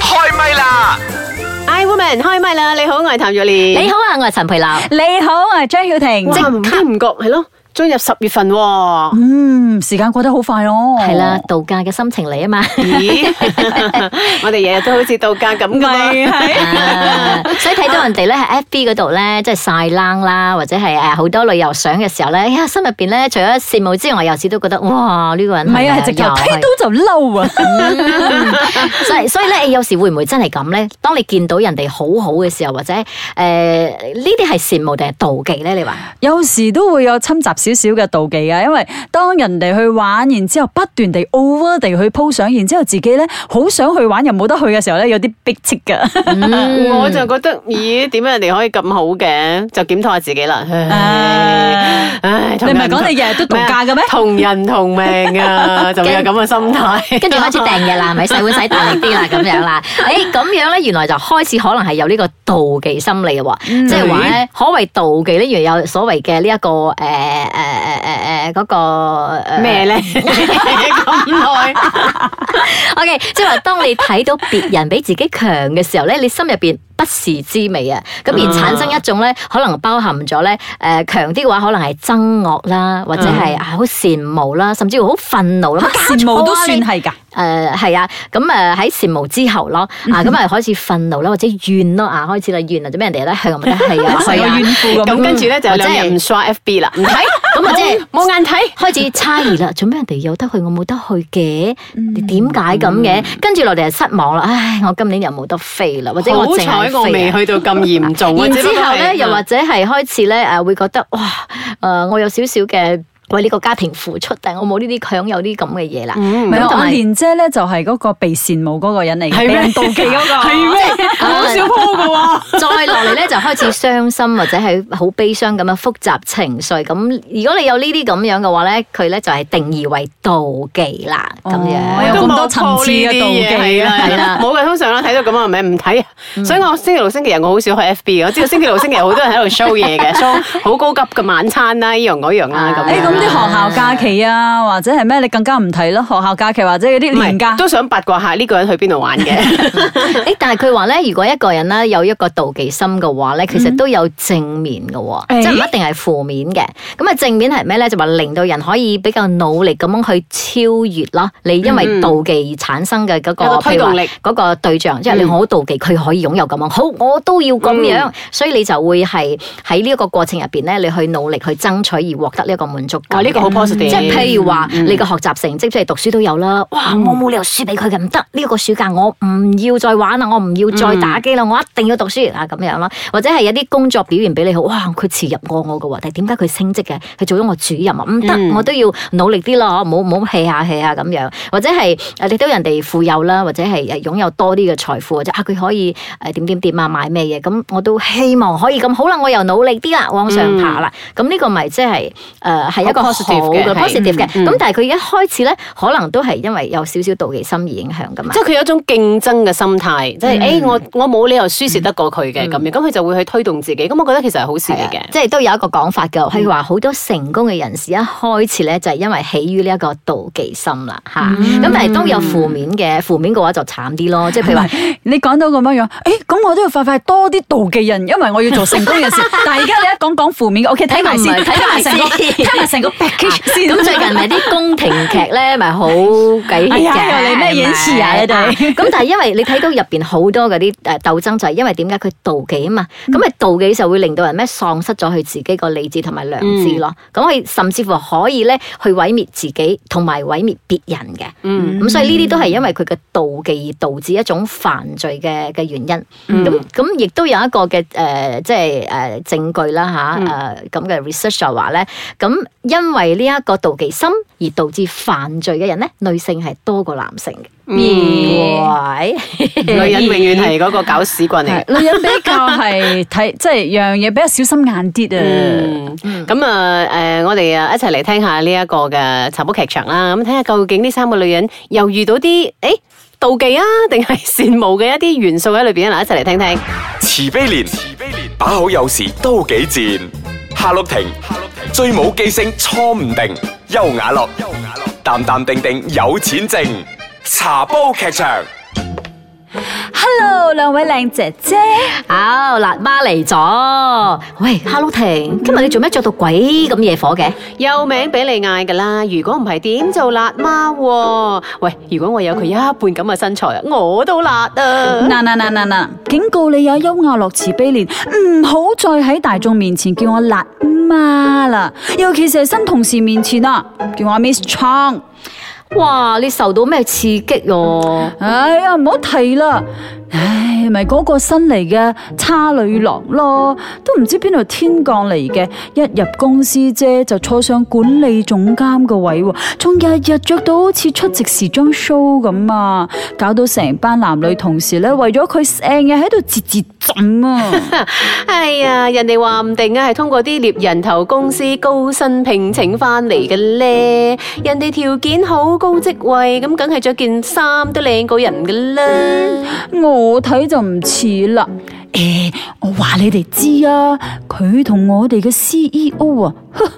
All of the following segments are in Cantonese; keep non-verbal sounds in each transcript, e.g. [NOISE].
開麥啦！I woman 開麥啦！你好，我係譚玉蓮。你好啊，我係陳佩琳。你好啊，我係張曉婷。我唔知唔覺係咯。進入十月份喎、哦，嗯，時間過得好快咯、哦。係啦，度假嘅心情嚟啊嘛。咦， [LAUGHS] [LAUGHS] 我哋日日都好似度假咁㗎。所以睇到人哋咧喺 FB 嗰度咧，即、就、係、是、晒冷啦，或者係誒好多旅遊相嘅時候咧，依家心入邊咧，除咗羨慕之外，有時都覺得哇，呢、這個人唔係啊，直接睇到就嬲啊。 [LAUGHS] 所以所以咧，有時會唔會真係咁咧？當你見到人哋好好嘅時候，或者誒呢啲係羨慕定係妒忌咧？你話有時都會有侵襲。少少嘅妒忌啊，因為當人哋去玩，然之後不斷地 over 地去 po 相，然之後自己咧好想去玩又冇得去嘅時候咧，有啲逼切噶。我就覺得，咦？點解人哋可以咁好嘅？就檢討下自己啦。唉，唉，你唔係講你日日都度假嘅咩？同人同命啊，就有咁嘅心態。跟住開始訂嘅啦，咪洗碗洗大力啲啦？咁樣啦，誒，咁樣咧，原來就開始可能係有呢個妒忌心理嘅話，即係話咧，可謂妒忌咧，原來有所謂嘅呢一個誒。誒誒誒誒嗰個咩，呃、呢咁耐 [LAUGHS] [LAUGHS] [LAUGHS] ，OK，即係當你睇到別人比自己強嘅時候呢，你心入面。不時之味啊，咁而產生一種咧，可能包含咗咧，誒、呃、強啲嘅話，可能係憎惡啦，或者係好羨慕啦，甚至乎好憤怒啦。羨慕都算係㗎。誒係、呃、啊，咁誒喺羨慕之後咯，嗯、哼啊咁啊開始憤怒啦，或者怨咯啊，開始啦怨啊做咩人哋咧係咁係啊，怨婦咁。咁跟住咧就是、兩個人唔刷 FB 啦，唔睇，咁看、嗯、啊即係冇眼睇，開始猜疑啦，做咩人哋有得去我冇得去嘅？點解咁嘅？跟住落嚟係失望啦，唉，我今年又冇得飛啦，或者我我未去到咁嚴重， [LAUGHS] 然之後呢，是又或者係開始呢，誒會覺得哇，誒我有少少嘅。為呢個家庭付出，但係我冇呢啲享有啲咁嘅嘢啦。唔係我蓮姐咧，就係嗰個被羨慕嗰個人嚟嘅，俾人妒忌嗰個。係咩？好少鋪噶喎。再落嚟咧，就開始傷心或者係好悲傷咁樣複雜情緒。咁如果你有呢啲咁樣嘅話咧，佢咧就係定義為妒忌啦。咁樣。我有咁多層次嘅妒忌啦，係啦，冇嘅，通常啦，睇到咁係咪？唔睇。所以我星期六、星期日我好少去 F B。我知道星期六、星期日好多人喺度 show 嘢嘅，show 好高級嘅晚餐啦，依樣嗰樣啦咁樣。學校假期啊，或者係咩？你更加唔睇咯。學校假期或者嗰啲年假都想八卦下呢個人去邊度玩嘅。誒，但係佢話咧，如果一個人咧有一個妒忌心嘅話咧，其實都有正面嘅，嗯、即係唔一定係負面嘅。咁啊、欸，正面係咩咧？就話令到人可以比較努力咁樣去超越咯。你因為妒忌而產生嘅嗰、嗰個驅力，嗰、嗯、個對象，即係、嗯、你好妒忌佢可以擁有咁樣，好，我都要咁樣，嗯、所以你就會係喺呢一個過程入邊咧，你去努力去爭取而獲得呢一個滿足。呢、嗯啊、個好 positive，、嗯嗯、即係譬如話你個學習成績、嗯嗯、即係讀書都有啦，哇！我冇理由輸俾佢嘅，唔得！呢、這個暑假我唔要再玩啦，我唔要再打機啦，嗯、我一定要讀書啊咁樣咯。或者係有啲工作表現比你好，哇！佢遲入過我嘅，但係點解佢升職嘅？佢做咗我主任啊，唔得！嗯、我都要努力啲咯，唔好唔好氣下氣下咁樣。或者係誒睇到人哋富有啦，或者係誒擁有多啲嘅財富，或者啊佢可以誒點點點啊買咩嘢？咁我都希望可以咁好啦，我又努力啲啦，往上爬啦。咁呢、嗯、個咪即係誒係一，個好嘅 positive 嘅，咁但係佢一開始咧，可能都係因為有少少妒忌心而影響噶嘛。即係佢有一種競爭嘅心態，即係誒，我我冇理由輸蝕得過佢嘅咁樣，咁佢就會去推動自己。咁我覺得其實係好事嚟嘅。即係都有一個講法嘅，係話好多成功嘅人士一開始咧就係因為起於呢一個妒忌心啦，吓。咁但係都有負面嘅，負面嘅話就慘啲咯。即係譬如話，你講到咁樣樣，誒，咁我都要快快多啲妒忌人，因為我要做成功嘅事。但係而家你一講講負面嘅，我睇埋先，睇埋成功，咁最近咪啲宮廷劇咧，咪好鬼你咩演你哋咁，但係因為你睇到入邊好多嗰啲誒鬥爭，就係因為點解佢妒忌啊嘛？咁咪、嗯、妒忌就會令到人咩喪失咗佢自己個理智同埋良知咯。咁佢、嗯、甚至乎可以咧去毀滅自己同埋毀滅別人嘅。咁、嗯、所以呢啲都係因為佢嘅妒忌而導致一種犯罪嘅嘅原因。咁咁亦都有一個嘅誒、呃，即係誒、呃、證據啦嚇誒，咁嘅 research 就話咧，咁因為呢一個妒忌心而導致犯罪嘅人咧，女性係多過男性嘅。嗯，係，女人永遠係嗰個搞屎棍嚟。女人比較係睇，即係樣嘢比較小心眼啲啊。咁啊，誒，我哋啊一齊嚟聽下呢一個嘅尋寶劇場啦。咁睇下究竟呢三個女人又遇到啲誒妒忌啊，定係羨慕嘅一啲元素喺裏邊咧。嗱，一齊嚟聽聽。慈悲蓮，慈悲蓮，把好有時都幾賤。夏洛婷。最冇記性初唔定，優雅樂，優雅樂，淡淡定定有錢剩，茶煲劇場。Hello，兩位靚姐姐，好、oh, 辣媽嚟咗。喂，Hello 婷，Hello, Ting 今日你做咩着到鬼咁惹火嘅？有名俾你嗌噶啦，如果唔係點做辣媽，啊？喂，如果我有佢一半咁嘅身材，我都辣啊！嗱嗱嗱嗱嗱，警告你有優雅落慈悲念，唔好再喺大眾面前叫我辣媽啦，尤其是新同事面前啊，叫我 Miss Chang。哇！你受到咩刺激哦？嗯嗯、哎呀，唔好提啦。唉，咪嗰個新嚟嘅差女郎咯，都唔知邊度天降嚟嘅，一入公司啫就坐上管理總監個位，仲日日着到好似出席時裝 show 咁啊！搞到成班男女同事咧，為咗佢成日喺度節節進啊！哎呀，人哋話唔定啊，係通過啲獵人頭公司高薪聘請翻嚟嘅咧，人哋條件好高，職位咁梗係着件衫都靚過人嘅啦，我。我睇就唔似啦，誒、欸，我話你哋知啊，佢同我哋嘅 CEO 啊呵。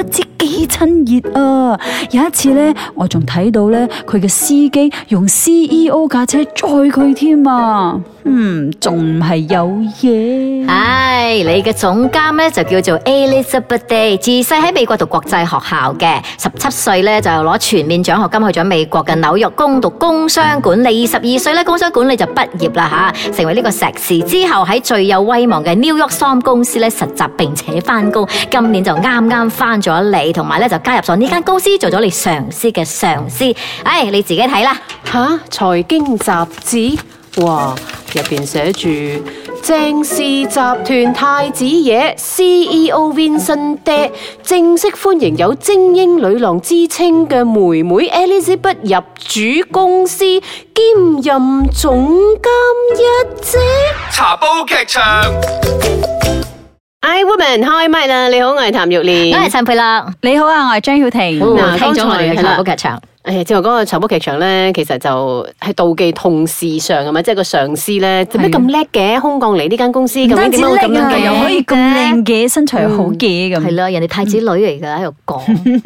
不知幾親熱啊！有一次咧，我仲睇到咧佢嘅司機用 CEO 架車載佢添啊！嗯，仲唔係有嘢？唉、哎，你嘅總監咧就叫做 Elizabeth Day，自細喺美國讀國際學校嘅，十七歲咧就攞全面獎學金去咗美國嘅紐約攻讀工商管理，二十二歲咧工商管理就畢業啦吓，成為呢個碩士之後喺最有威望嘅 New York 三公司咧實習並且翻工，今年就啱啱翻咗咗你，同埋咧就加入咗呢間公司，做咗你上司嘅上司。哎，你自己睇啦。嚇，財經雜誌哇，入邊寫住鄭氏集團太子爺 CEO Vincent 爹，正式歡迎有精英女郎之稱嘅妹妹 Elizabeth 入主公司，兼任總監一職。茶煲劇場。Hi woman，Hi man，你好，我係譚玉蓮，Hi，陳佩樂，你好啊，我係張曉婷，嗱，剛才係啦，好吉祥。誒，正話嗰個長波劇場咧，其實就係妒忌同事上啊嘛，即係個上司咧，做咩咁叻嘅？空降嚟呢間公司，點樣咁樣，又可以咁靚嘅身材好嘅咁？係咯，人哋太子女嚟噶喺度講。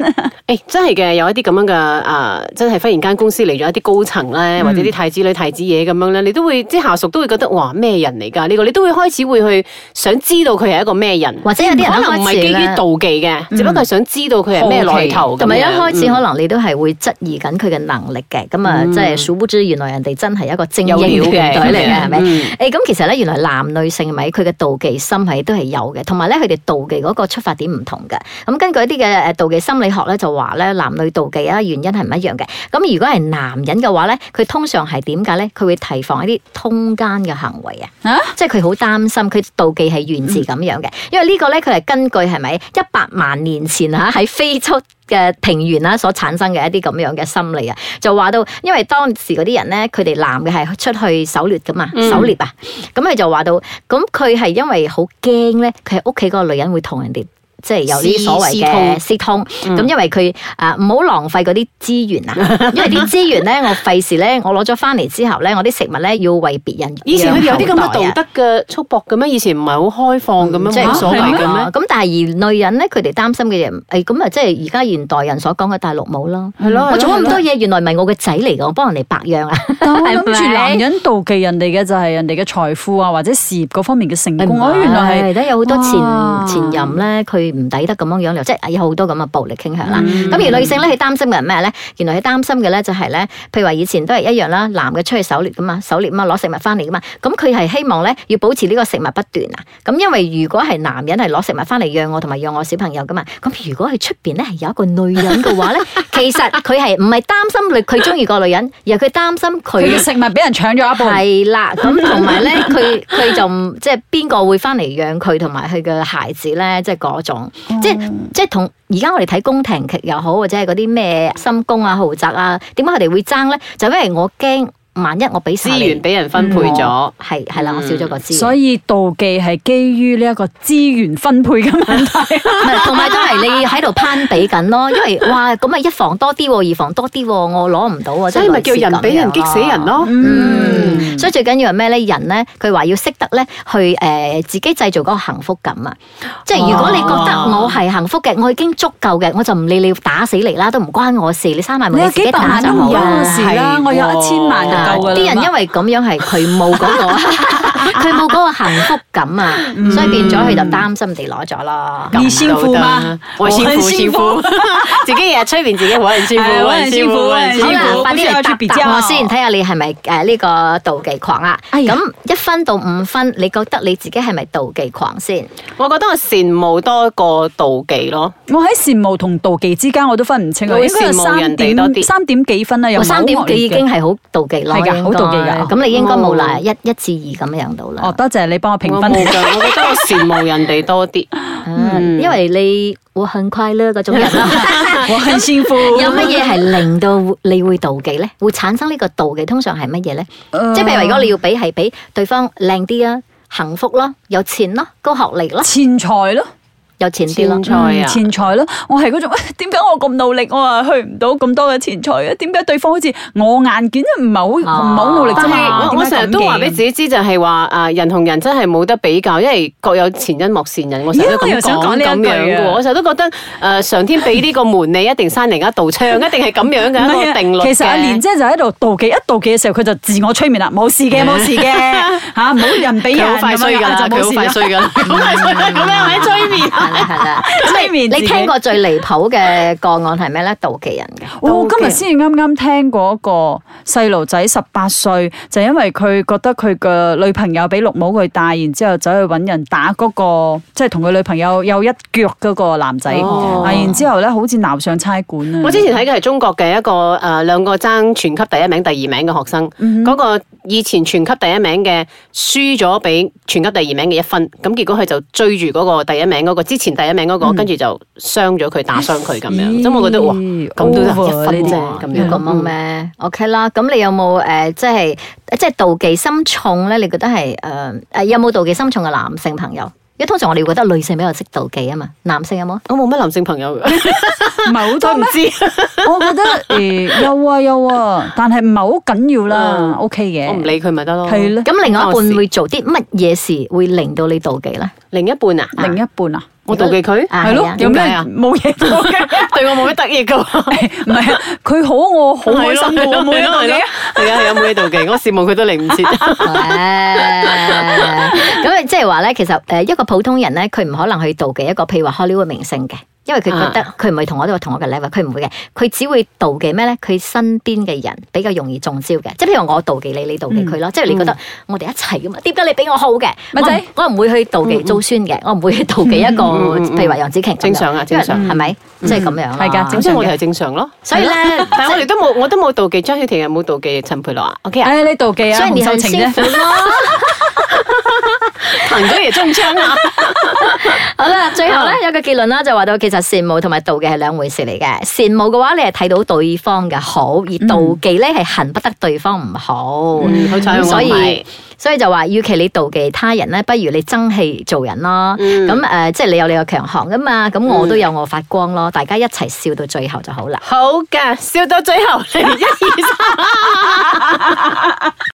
誒，真係嘅，有一啲咁樣嘅啊，真係忽然間公司嚟咗一啲高層咧，或者啲太子女、太子爺咁樣咧，你都會即係下屬都會覺得哇，咩人嚟㗎呢個？你都會開始會去想知道佢係一個咩人，或者有啲人可能唔係基於妒忌嘅，只不過係想知道佢係咩來頭，同埋一開始可能你都係會質疑。而緊佢嘅能力嘅，咁、嗯、啊，即係殊不知，原來人哋真係一個精英嘅隊嚟嘅，係咪？誒，咁、嗯、其實咧，原來男女性係咪佢嘅妒忌心係都係有嘅，同埋咧佢哋妒忌嗰個出發點唔同嘅。咁根據一啲嘅、誒妒忌心理學咧，就話咧男女妒忌啊原因係唔一樣嘅。咁如果係男人嘅話咧，佢通常係點解咧？佢會提防一啲通姦嘅行為啊，即係佢好擔心，佢妒忌係源自咁樣嘅，嗯、因為呢個咧佢係根據係咪一百萬年前吓喺非洲。嘅平原啦，所產生嘅一啲咁樣嘅心理啊，就話到，因為當時嗰啲人咧，佢哋男嘅係出去狩獵噶嘛，狩獵、嗯、啊，咁佢就話到，咁佢係因為好驚咧，佢係屋企嗰個女人會同人哋。即係有啲所謂嘅私通咁，因為佢啊唔好浪費嗰啲資源啊，因為啲資源咧，我費事咧，我攞咗翻嚟之後咧，我啲食物咧要為別人。以前佢哋有啲咁嘅道德嘅束縛咁咩？以前唔係好開放咁樣，即係冇所謂嘅咩？咁但係而女人咧，佢哋擔心嘅嘢，咁啊，即係而家現代人所講嘅大陸帽咯。係咯，我做咗咁多嘢，原來唔係我嘅仔嚟㗎，我幫人哋白養啊。但係男人妒忌人哋嘅就係人哋嘅財富啊，或者事業嗰方面嘅成功。係啊，而家有好多前前任咧，佢。唔抵得咁樣樣，即係有好多咁嘅暴力傾向啦。咁、嗯、而女性咧，佢擔心嘅係咩咧？原來佢擔心嘅咧就係咧，譬如話以前都係一樣啦，男嘅出去狩獵噶嘛，狩獵嘛攞食物翻嚟噶嘛。咁佢係希望咧要保持呢個食物不斷啊。咁因為如果係男人係攞食物翻嚟養我同埋養我小朋友噶嘛，咁如果係出邊咧係有一個女人嘅話咧， [LAUGHS] 其實佢係唔係擔心佢中意個女人，而係佢擔心佢嘅食物俾人搶咗一部。係啦，咁同埋咧佢佢就即係邊個會翻嚟養佢同埋佢嘅孩子咧？即係嗰種。嗯、即係即係同而家我哋睇宮廷劇又好，或者係嗰啲咩深宮啊豪宅啊，點解佢哋會爭咧？就因為我驚。萬一我俾資源俾人分配咗，係係啦，嗯、我少咗個資源。所以妒忌係基於呢一個資源分配嘅問題，同埋 [LAUGHS] 都係你喺度攀比緊咯。因為哇，咁咪一房多啲，二房多啲，我攞唔到喎，所以咪叫人俾人激死人咯。嗯，嗯，所以最緊要係咩咧？人咧，佢話要識得咧去誒、呃、自己製造嗰個幸福感啊！哦、即係如果你覺得我係幸福嘅，我已經足夠嘅，我就唔理你打死你啦，都唔關我事。你三萬蚊，你幾百萬，你自己打，都唔關我事啦，我有一千萬啲人因為咁樣，係佢冇嗰個，佢冇嗰個幸福感啊，所以變咗佢就擔心地攞咗咯。二幸福嗎？我好幸福，自己又催眠自己，我好幸福，我好幸福，好幸福。不要去比較。我先嚟睇下，你係咪誒呢個妒忌狂啊。咁一分到五分，你覺得你自己係咪妒忌狂先？我覺得我羨慕多過妒忌咯。我喺羨慕同妒忌之間我都分唔清。我因為三點三點幾分啦，有三點幾已經係好妒忌咯。係噶，好妒忌人，咁你應該冇賴一一至二咁樣到啦。哦，多、哦、謝，謝你幫我評分。哦、我覺得我羨慕人哋多啲， [LAUGHS] 嗯、因為你我很快樂嗰種人。 [LAUGHS] 我很幸福。 [LAUGHS] 那 [LAUGHS] 有乜嘢係令到你會妒忌咧？會產生呢個妒忌，通常係乜嘢咧？即係譬如如果你要俾係俾對方靚啲啊，幸福啦，有錢啦，高學歷啦，錢財咯。有錢啲咯，錢財咯，我係嗰種，點解我咁努力，我話去唔到咁多嘅錢財啊？點解對方好似我眼見唔係好唔努力？但係我我成日都話俾自己知就係話，誒人同人真係冇得比較，因為各有前因莫善人。我成日都咁講咁樣噶，我成日都覺得誒上天俾呢個門，你一定閂另一道窗，一定係咁樣嘅一個定律。其實阿蓮姐就喺度妒忌，一妒忌嘅時候佢就自我催眠啦，冇事嘅冇事嘅吓，唔好人俾人嘅嘛，佢好快衰噶，佢好快衰噶，咁樣咁樣喺催眠。係啦， [LAUGHS] 你聽過最離譜嘅個案係咩咧？妒忌人嘅，我、哦、今日先啱啱聽過一個細路仔十八歲，就是、因為佢覺得佢嘅女朋友俾綠帽佢戴，然之後走去搵人打嗰、那個，即係同佢女朋友有一腳嗰個男仔，哦、然之後咧好似鬧上差館。我之前睇嘅係中國嘅一個誒，兩個爭全級第一名、第二名嘅學生，嗰、嗯、哼個以前全級第一名嘅輸咗俾全級第二名嘅一分，咁結果佢就追住嗰個第一名個。之前第一名嗰個，跟住就傷咗佢，打傷佢咁樣，咁我覺得哇，咁都係一分啫，咁樣。有咁乜咩？OK 啦，咁你有冇誒，即係即係妒忌心重咧？你覺得係誒誒有冇妒忌心重嘅男性朋友？因為通常我哋會覺得女性比較識妒忌啊嘛，男性有冇？我冇乜男性朋友，唔係好多唔知。我覺得誒有啊有啊，但係唔係好緊要啦，OK 嘅，我唔理佢咪得咯。係咯。咁另外一半會做啲乜嘢事會令到你妒忌咧？另一半啊，另一半啊。我妒忌佢，係咯，有咩冇嘢對我冇咩得意嘅。唔係！佢好我好開心嘅，有冇妒忌啊？係啊，有妒忌？我羨慕佢都嚟唔切。咁即係話呢，其實一個普通人呢，佢唔可能去妒忌一個譬如話 Hollywood 明星嘅。因為佢覺得佢唔係同我呢同我嘅 level，佢唔會嘅，佢只會妒忌咩咧？佢身邊嘅人比較容易中招嘅，即係譬如我妒忌你，你妒忌佢咯。即係你覺得我哋一齊啊嘛？點解你比我好嘅？咪仔，我唔會去妒忌周迅嘅，我唔會去妒忌一個譬如話楊紫瓊，正常啊，正常係咪？即係咁樣係噶，正常問題係正常咯。所以咧，但係我哋都冇，我都冇妒忌張小婷，有冇妒忌陳佩樂。O K 啊？誒，你妒忌啊？所以你受情啫。堂哥也中槍啊！好啦，最後咧有個結論啦，就話、oh. 到其實羨慕同埋妒忌係兩回事嚟嘅。羨慕嘅話，你係睇到對方嘅好，而妒忌咧係恨不得對方唔好、mm. 嗯，幸好我唔係。所以所以就話，與其你妒忌他人咧，不如你爭氣做人咯。咁誒、mm.，即、呃、係、就是、你有你嘅強項噶嘛，咁我都有我發光咯。Mm. 大家一齊笑到最後就好啦。好嘅，笑到最後，你哋一二三啦。